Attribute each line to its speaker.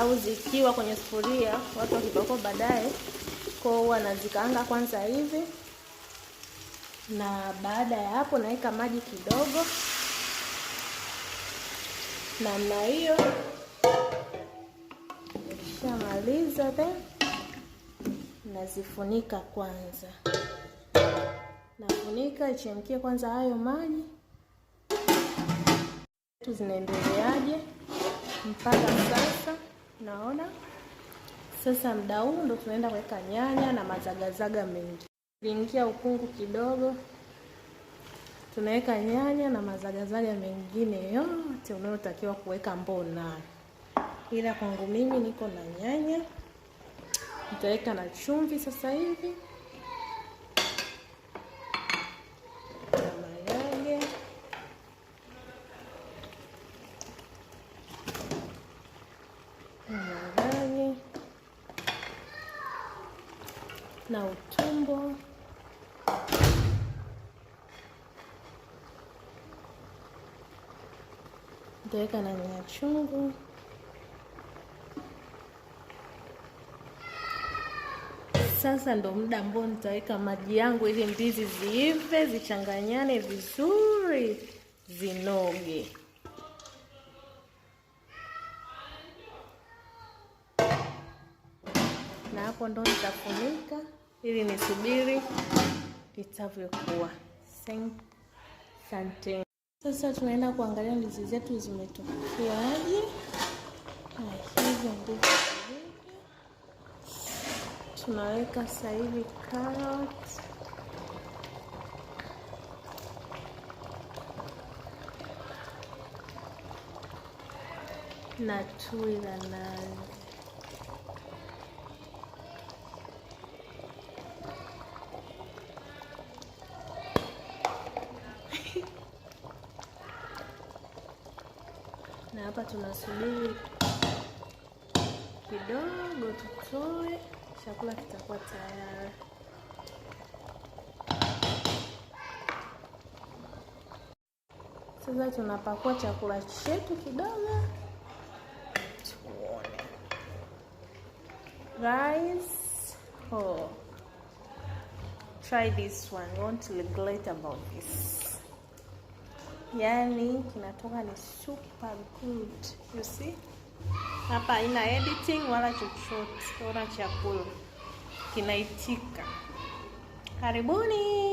Speaker 1: au zikiwa kwenye sufuria, watu wakipakua baadaye. Kwa hiyo nazikaanga kwanza hivi, na baada ya hapo naweka maji kidogo namna hiyo. Nikishamaliza then nazifunika kwanza, nafunika ichemkie kwanza hayo maji tu, zinaendeleaje mpaka sasa. Naona sasa, mda huu ndo tunaenda kuweka nyanya na mazagazaga mengi. Ingia ukungu kidogo, tunaweka nyanya na mazagazaga mengine yote unayotakiwa kuweka mbona, ila kwangu mimi niko na nyanya, nitaweka na chumvi sasa hivi. na utumbo. Nitaweka na nyanya chungu sasa. Ndo muda ambao nitaweka maji yangu ili ndizi ziive, zichanganyane vizuri, zinoge. na hapo ndo nitafunika ili nisubiri itavyokuwa. Asante. Sasa tunaenda kuangalia ndizi zetu zimetokeaje. Hivi ndivyo tunaweka sahivi carrot na tui la nazi. na hapa tunasubiri kidogo tutoe, chakula kitakuwa tayari. Sasa tunapakua chakula chetu kidogo, tuone rice. Oh, try this one, won't regret about this yani kinatoka ni super good. You see? Hapa haina editing wala chochote, ona chakula kinaitika. Karibuni.